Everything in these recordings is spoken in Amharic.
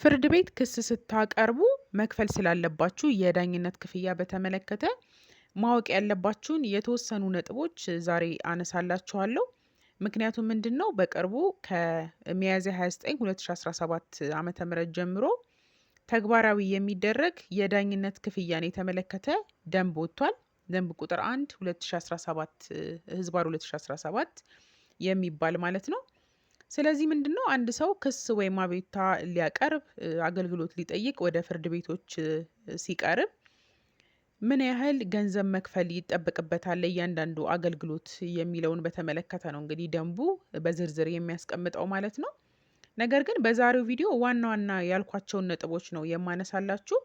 ፍርድ ቤት ክስ ስታቀርቡ መክፈል ስላለባችሁ የዳኝነት ክፍያ በተመለከተ ማወቅ ያለባችሁን የተወሰኑ ነጥቦች ዛሬ አነሳላችኋለሁ። ምክንያቱም ምንድን ነው በቅርቡ ከሚያዝያ 29 2017 ዓ ም ጀምሮ ተግባራዊ የሚደረግ የዳኝነት ክፍያን የተመለከተ ደንብ ወጥቷል። ደንብ ቁጥር 1 2017 ህዝባር 2017 የሚባል ማለት ነው። ስለዚህ ምንድነው አንድ ሰው ክስ ወይም አቤቱታ ሊያቀርብ አገልግሎት ሊጠይቅ ወደ ፍርድ ቤቶች ሲቀርብ ምን ያህል ገንዘብ መክፈል ይጠበቅበታል ለእያንዳንዱ አገልግሎት የሚለውን በተመለከተ ነው እንግዲህ ደንቡ በዝርዝር የሚያስቀምጠው ማለት ነው። ነገር ግን በዛሬው ቪዲዮ ዋና ዋና ያልኳቸውን ነጥቦች ነው የማነሳላችሁ።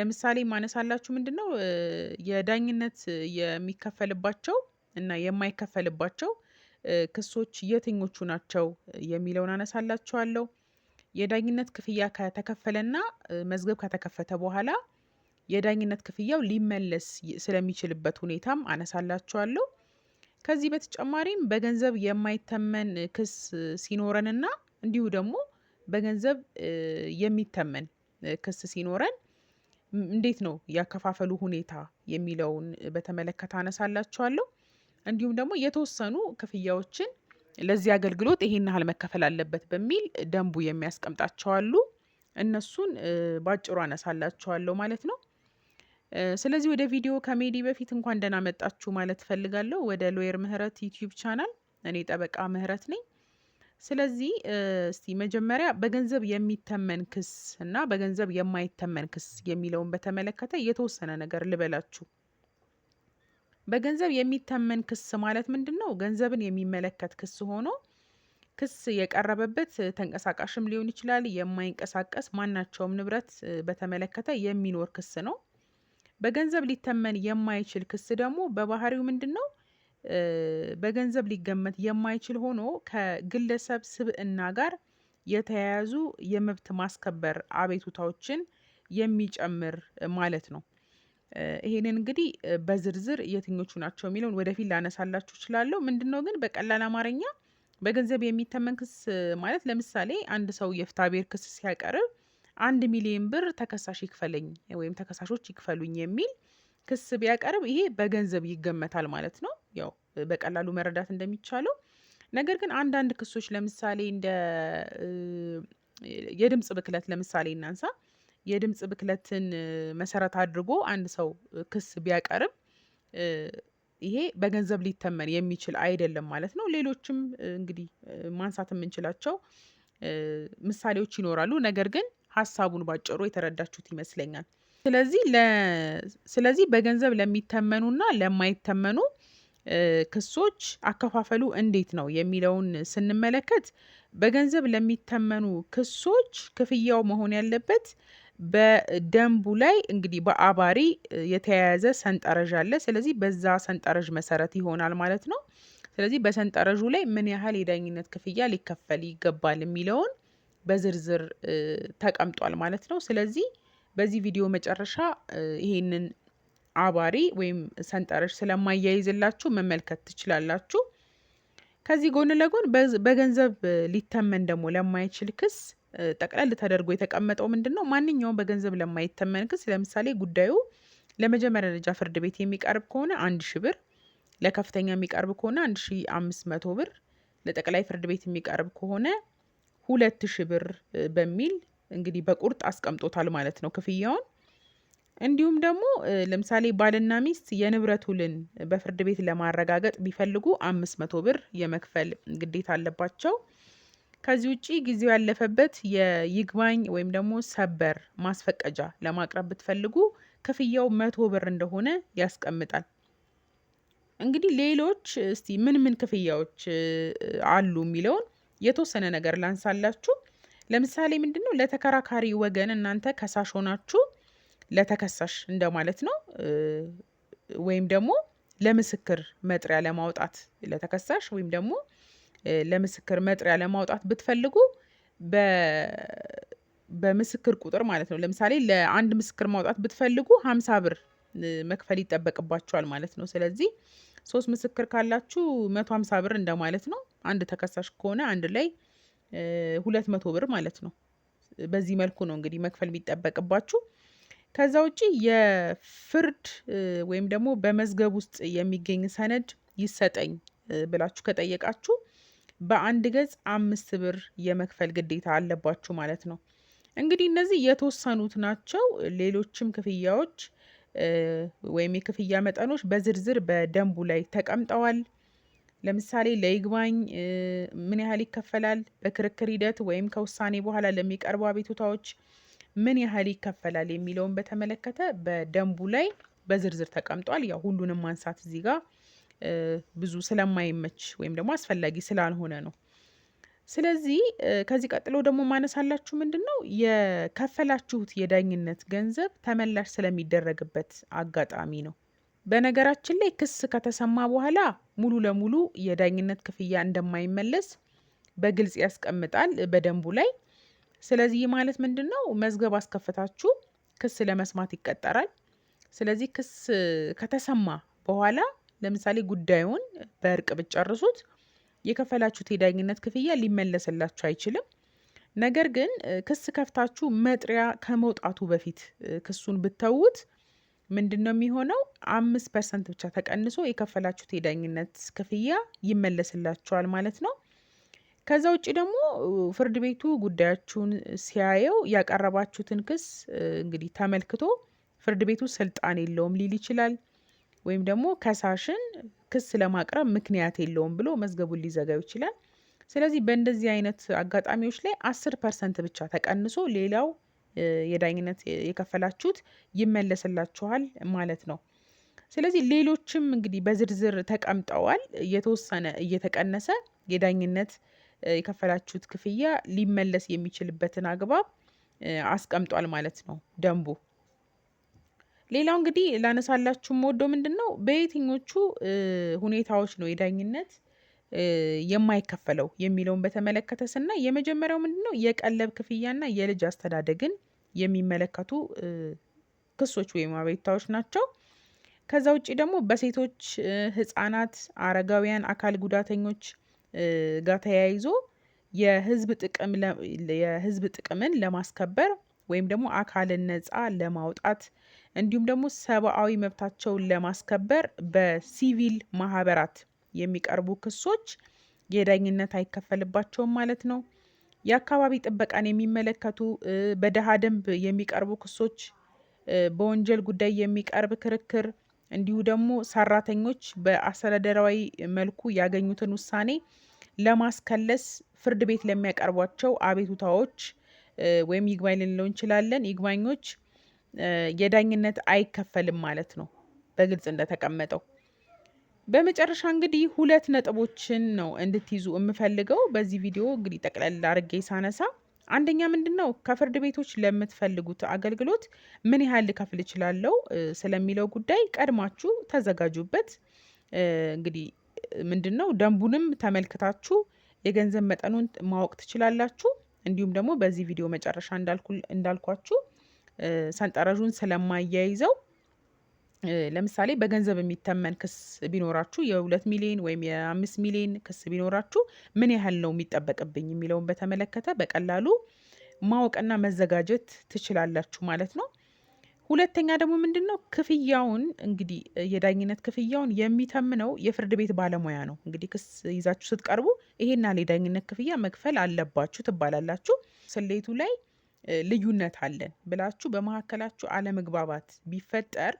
ለምሳሌ የማነሳላችሁ ምንድነው የዳኝነት የሚከፈልባቸው እና የማይከፈልባቸው ክሶች የትኞቹ ናቸው የሚለውን አነሳላችኋለሁ። የዳኝነት ክፍያ ከተከፈለና መዝገብ ከተከፈተ በኋላ የዳኝነት ክፍያው ሊመለስ ስለሚችልበት ሁኔታም አነሳላችኋለሁ። ከዚህ በተጨማሪም በገንዘብ የማይተመን ክስ ሲኖረንና እንዲሁ ደግሞ በገንዘብ የሚተመን ክስ ሲኖረን እንዴት ነው ያከፋፈሉ ሁኔታ የሚለውን በተመለከተ አነሳላችኋለሁ። እንዲሁም ደግሞ የተወሰኑ ክፍያዎችን ለዚህ አገልግሎት ይሄን ያህል መከፈል አለበት በሚል ደንቡ የሚያስቀምጣቸው አሉ። እነሱን ባጭሩ አነሳላቸዋለሁ ማለት ነው። ስለዚህ ወደ ቪዲዮ ከሜዲ በፊት እንኳን ደህና መጣችሁ ማለት ፈልጋለሁ። ወደ ሎየር ምህረት ዩቲዩብ ቻናል። እኔ ጠበቃ ምህረት ነኝ። ስለዚህ እስቲ መጀመሪያ በገንዘብ የሚተመን ክስ እና በገንዘብ የማይተመን ክስ የሚለውን በተመለከተ የተወሰነ ነገር ልበላችሁ። በገንዘብ የሚተመን ክስ ማለት ምንድን ነው? ገንዘብን የሚመለከት ክስ ሆኖ ክስ የቀረበበት ተንቀሳቃሽም ሊሆን ይችላል፣ የማይንቀሳቀስ ማናቸውም ንብረት በተመለከተ የሚኖር ክስ ነው። በገንዘብ ሊተመን የማይችል ክስ ደግሞ በባህሪው ምንድን ነው? በገንዘብ ሊገመት የማይችል ሆኖ ከግለሰብ ስብዕና ጋር የተያያዙ የመብት ማስከበር አቤቱታዎችን የሚጨምር ማለት ነው። ይሄንን እንግዲህ በዝርዝር የትኞቹ ናቸው የሚለውን ወደፊት ላነሳላችሁ እችላለሁ። ምንድነው ግን በቀላል አማርኛ በገንዘብ የሚተመን ክስ ማለት ለምሳሌ አንድ ሰው የፍትሐብሔር ክስ ሲያቀርብ አንድ ሚሊዮን ብር ተከሳሽ ይክፈለኝ ወይም ተከሳሾች ይክፈሉኝ የሚል ክስ ቢያቀርብ ይሄ በገንዘብ ይገመታል ማለት ነው። ያው በቀላሉ መረዳት እንደሚቻለው። ነገር ግን አንዳንድ ክሶች ለምሳሌ እንደ የድምፅ ብክለት ለምሳሌ እናንሳ የድምፅ ብክለትን መሰረት አድርጎ አንድ ሰው ክስ ቢያቀርብ ይሄ በገንዘብ ሊተመን የሚችል አይደለም ማለት ነው። ሌሎችም እንግዲህ ማንሳት የምንችላቸው ምሳሌዎች ይኖራሉ። ነገር ግን ሀሳቡን ባጭሩ የተረዳችሁት ይመስለኛል። ስለዚህ ስለዚህ በገንዘብ ለሚተመኑና ለማይተመኑ ክሶች አከፋፈሉ እንዴት ነው የሚለውን ስንመለከት በገንዘብ ለሚተመኑ ክሶች ክፍያው መሆን ያለበት በደንቡ ላይ እንግዲህ በአባሪ የተያያዘ ሰንጠረዥ አለ። ስለዚህ በዛ ሰንጠረዥ መሰረት ይሆናል ማለት ነው። ስለዚህ በሰንጠረዡ ላይ ምን ያህል የዳኝነት ክፍያ ሊከፈል ይገባል የሚለውን በዝርዝር ተቀምጧል ማለት ነው። ስለዚህ በዚህ ቪዲዮ መጨረሻ ይሄንን አባሪ ወይም ሰንጠረዥ ስለማያይዝላችሁ መመልከት ትችላላችሁ። ከዚህ ጎን ለጎን በገንዘብ ሊተመን ደግሞ ለማይችል ክስ ጠቅለል ተደርጎ የተቀመጠው ምንድን ነው? ማንኛውም በገንዘብ ለማይተመን ክስ ለምሳሌ ጉዳዩ ለመጀመሪያ ደረጃ ፍርድ ቤት የሚቀርብ ከሆነ አንድ ሺ ብር፣ ለከፍተኛ የሚቀርብ ከሆነ አንድ ሺ አምስት መቶ ብር፣ ለጠቅላይ ፍርድ ቤት የሚቀርብ ከሆነ ሁለት ሺ ብር በሚል እንግዲህ በቁርጥ አስቀምጦታል ማለት ነው ክፍያውን። እንዲሁም ደግሞ ለምሳሌ ባልና ሚስት የንብረት ውልን በፍርድ ቤት ለማረጋገጥ ቢፈልጉ አምስት መቶ ብር የመክፈል ግዴታ አለባቸው። ከዚህ ውጪ ጊዜው ያለፈበት የይግባኝ ወይም ደግሞ ሰበር ማስፈቀጃ ለማቅረብ ብትፈልጉ ክፍያው መቶ ብር እንደሆነ ያስቀምጣል። እንግዲህ ሌሎች እስቲ ምን ምን ክፍያዎች አሉ የሚለውን የተወሰነ ነገር ላንሳላችሁ። ለምሳሌ ምንድነው ለተከራካሪ ወገን እናንተ ከሳሽ ሆናችሁ ለተከሳሽ እንደማለት ነው። ወይም ደግሞ ለምስክር መጥሪያ ለማውጣት ለተከሳሽ ወይም ደግሞ ለምስክር መጥሪያ ለማውጣት ብትፈልጉ በምስክር ቁጥር ማለት ነው። ለምሳሌ ለአንድ ምስክር ማውጣት ብትፈልጉ ሀምሳ ብር መክፈል ይጠበቅባቸዋል ማለት ነው። ስለዚህ ሶስት ምስክር ካላችሁ መቶ ሀምሳ ብር እንደማለት ነው። አንድ ተከሳሽ ከሆነ አንድ ላይ ሁለት መቶ ብር ማለት ነው። በዚህ መልኩ ነው እንግዲህ መክፈል የሚጠበቅባችሁ። ከዛ ውጪ የፍርድ ወይም ደግሞ በመዝገብ ውስጥ የሚገኝ ሰነድ ይሰጠኝ ብላችሁ ከጠየቃችሁ በአንድ ገጽ አምስት ብር የመክፈል ግዴታ አለባችሁ ማለት ነው። እንግዲህ እነዚህ የተወሰኑት ናቸው። ሌሎችም ክፍያዎች ወይም የክፍያ መጠኖች በዝርዝር በደንቡ ላይ ተቀምጠዋል። ለምሳሌ ለይግባኝ ምን ያህል ይከፈላል? በክርክር ሂደት ወይም ከውሳኔ በኋላ ለሚቀርቡ አቤቱታዎች ምን ያህል ይከፈላል? የሚለውን በተመለከተ በደንቡ ላይ በዝርዝር ተቀምጧል። ያው ሁሉንም ማንሳት እዚህ ጋር ብዙ ስለማይመች ወይም ደግሞ አስፈላጊ ስላልሆነ ነው። ስለዚህ ከዚህ ቀጥሎ ደግሞ ማነሳላችሁ ምንድን ነው የከፈላችሁት የዳኝነት ገንዘብ ተመላሽ ስለሚደረግበት አጋጣሚ ነው። በነገራችን ላይ ክስ ከተሰማ በኋላ ሙሉ ለሙሉ የዳኝነት ክፍያ እንደማይመለስ በግልጽ ያስቀምጣል በደንቡ ላይ። ስለዚህ ማለት ምንድን ነው መዝገብ አስከፍታችሁ ክስ ለመስማት ይቀጠራል። ስለዚህ ክስ ከተሰማ በኋላ ለምሳሌ ጉዳዩን በእርቅ ብትጨርሱት የከፈላችሁት የዳኝነት ክፍያ ሊመለስላችሁ አይችልም። ነገር ግን ክስ ከፍታችሁ መጥሪያ ከመውጣቱ በፊት ክሱን ብተዉት ምንድን ነው የሚሆነው? አምስት ፐርሰንት ብቻ ተቀንሶ የከፈላችሁት የዳኝነት ክፍያ ይመለስላችኋል ማለት ነው። ከዛ ውጭ ደግሞ ፍርድ ቤቱ ጉዳያችሁን ሲያየው ያቀረባችሁትን ክስ እንግዲህ ተመልክቶ ፍርድ ቤቱ ስልጣን የለውም ሊል ይችላል። ወይም ደግሞ ከሳሽን ክስ ለማቅረብ ምክንያት የለውም ብሎ መዝገቡን ሊዘጋው ይችላል። ስለዚህ በእንደዚህ አይነት አጋጣሚዎች ላይ አስር ፐርሰንት ብቻ ተቀንሶ ሌላው የዳኝነት የከፈላችሁት ይመለስላችኋል ማለት ነው። ስለዚህ ሌሎችም እንግዲህ በዝርዝር ተቀምጠዋል። የተወሰነ እየተቀነሰ የዳኝነት የከፈላችሁት ክፍያ ሊመለስ የሚችልበትን አግባብ አስቀምጧል ማለት ነው ደንቡ። ሌላው እንግዲህ ላነሳላችሁ የምወደው ምንድን ነው በየትኞቹ ሁኔታዎች ነው የዳኝነት የማይከፈለው የሚለውን በተመለከተ ስናይ የመጀመሪያው ምንድን ነው የቀለብ ክፍያና የልጅ አስተዳደግን የሚመለከቱ ክሶች ወይም አቤቱታዎች ናቸው። ከዛ ውጭ ደግሞ በሴቶች፣ ህጻናት፣ አረጋውያን፣ አካል ጉዳተኞች ጋር ተያይዞ የህዝብ የህዝብ ጥቅምን ለማስከበር ወይም ደግሞ አካልን ነፃ ለማውጣት እንዲሁም ደግሞ ሰብአዊ መብታቸውን ለማስከበር በሲቪል ማህበራት የሚቀርቡ ክሶች የዳኝነት አይከፈልባቸውም ማለት ነው። የአካባቢ ጥበቃን የሚመለከቱ በደሃ ደንብ የሚቀርቡ ክሶች፣ በወንጀል ጉዳይ የሚቀርብ ክርክር፣ እንዲሁ ደግሞ ሰራተኞች በአስተዳደራዊ መልኩ ያገኙትን ውሳኔ ለማስከለስ ፍርድ ቤት ለሚያቀርቧቸው አቤቱታዎች ወይም ይግባኝ ልንለው እንችላለን ይግባኞች የዳኝነት አይከፈልም ማለት ነው በግልጽ እንደተቀመጠው። በመጨረሻ እንግዲህ ሁለት ነጥቦችን ነው እንድትይዙ የምፈልገው በዚህ ቪዲዮ እንግዲህ ጠቅለል አድርጌ ሳነሳ አንደኛ ምንድን ነው ከፍርድ ቤቶች ለምትፈልጉት አገልግሎት ምን ያህል ልከፍል እችላለሁ ስለሚለው ጉዳይ ቀድማችሁ ተዘጋጁበት። እንግዲህ ምንድን ነው ደንቡንም ተመልክታችሁ የገንዘብ መጠኑን ማወቅ ትችላላችሁ። እንዲሁም ደግሞ በዚህ ቪዲዮ መጨረሻ እንዳልኳችሁ ሰንጠረዡን ስለማያይዘው ለምሳሌ በገንዘብ የሚተመን ክስ ቢኖራችሁ የሁለት ሚሊዮን ወይም የአምስት ሚሊዮን ክስ ቢኖራችሁ ምን ያህል ነው የሚጠበቅብኝ የሚለውን በተመለከተ በቀላሉ ማወቅና መዘጋጀት ትችላላችሁ ማለት ነው። ሁለተኛ ደግሞ ምንድን ነው ክፍያውን እንግዲህ የዳኝነት ክፍያውን የሚተምነው የፍርድ ቤት ባለሙያ ነው። እንግዲህ ክስ ይዛችሁ ስትቀርቡ ይሄና የዳኝነት ክፍያ መክፈል አለባችሁ ትባላላችሁ ስሌቱ ላይ ልዩነት አለን ብላችሁ በመካከላችሁ አለመግባባት ቢፈጠር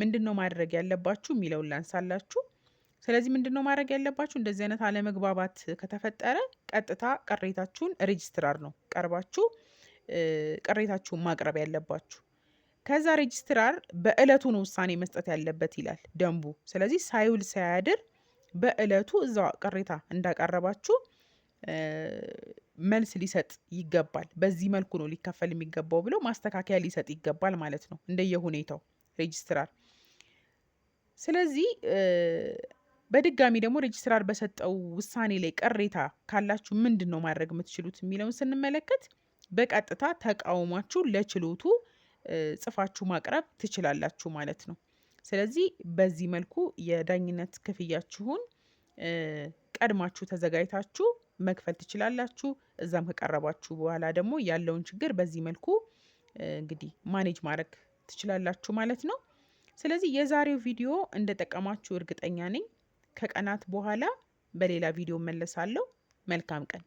ምንድነው ማድረግ ያለባችሁ የሚለውን ላንሳላችሁ። ስለዚህ ምንድነው ማድረግ ያለባችሁ? እንደዚህ አይነት አለመግባባት ከተፈጠረ ቀጥታ ቅሬታችሁን ሬጅስትራር ነው ቀርባችሁ ቅሬታችሁን ማቅረብ ያለባችሁ። ከዛ ሬጅስትራር በእለቱ ነው ውሳኔ መስጠት ያለበት ይላል ደንቡ። ስለዚህ ሳይውል ሳያድር በእለቱ እዛ ቅሬታ እንዳቀረባችሁ መልስ ሊሰጥ ይገባል። በዚህ መልኩ ነው ሊከፈል የሚገባው ብለው ማስተካከያ ሊሰጥ ይገባል ማለት ነው እንደየሁኔታው ሬጅስትራር። ስለዚህ በድጋሚ ደግሞ ሬጅስትራር በሰጠው ውሳኔ ላይ ቅሬታ ካላችሁ ምንድን ነው ማድረግ የምትችሉት የሚለውን ስንመለከት በቀጥታ ተቃውሟችሁ ለችሎቱ ጽፋችሁ ማቅረብ ትችላላችሁ ማለት ነው። ስለዚህ በዚህ መልኩ የዳኝነት ክፍያችሁን ቀድማችሁ ተዘጋጅታችሁ መክፈል ትችላላችሁ። እዛም ከቀረባችሁ በኋላ ደግሞ ያለውን ችግር በዚህ መልኩ እንግዲህ ማኔጅ ማድረግ ትችላላችሁ ማለት ነው። ስለዚህ የዛሬው ቪዲዮ እንደጠቀማችሁ እርግጠኛ ነኝ። ከቀናት በኋላ በሌላ ቪዲዮ መለሳለሁ። መልካም ቀን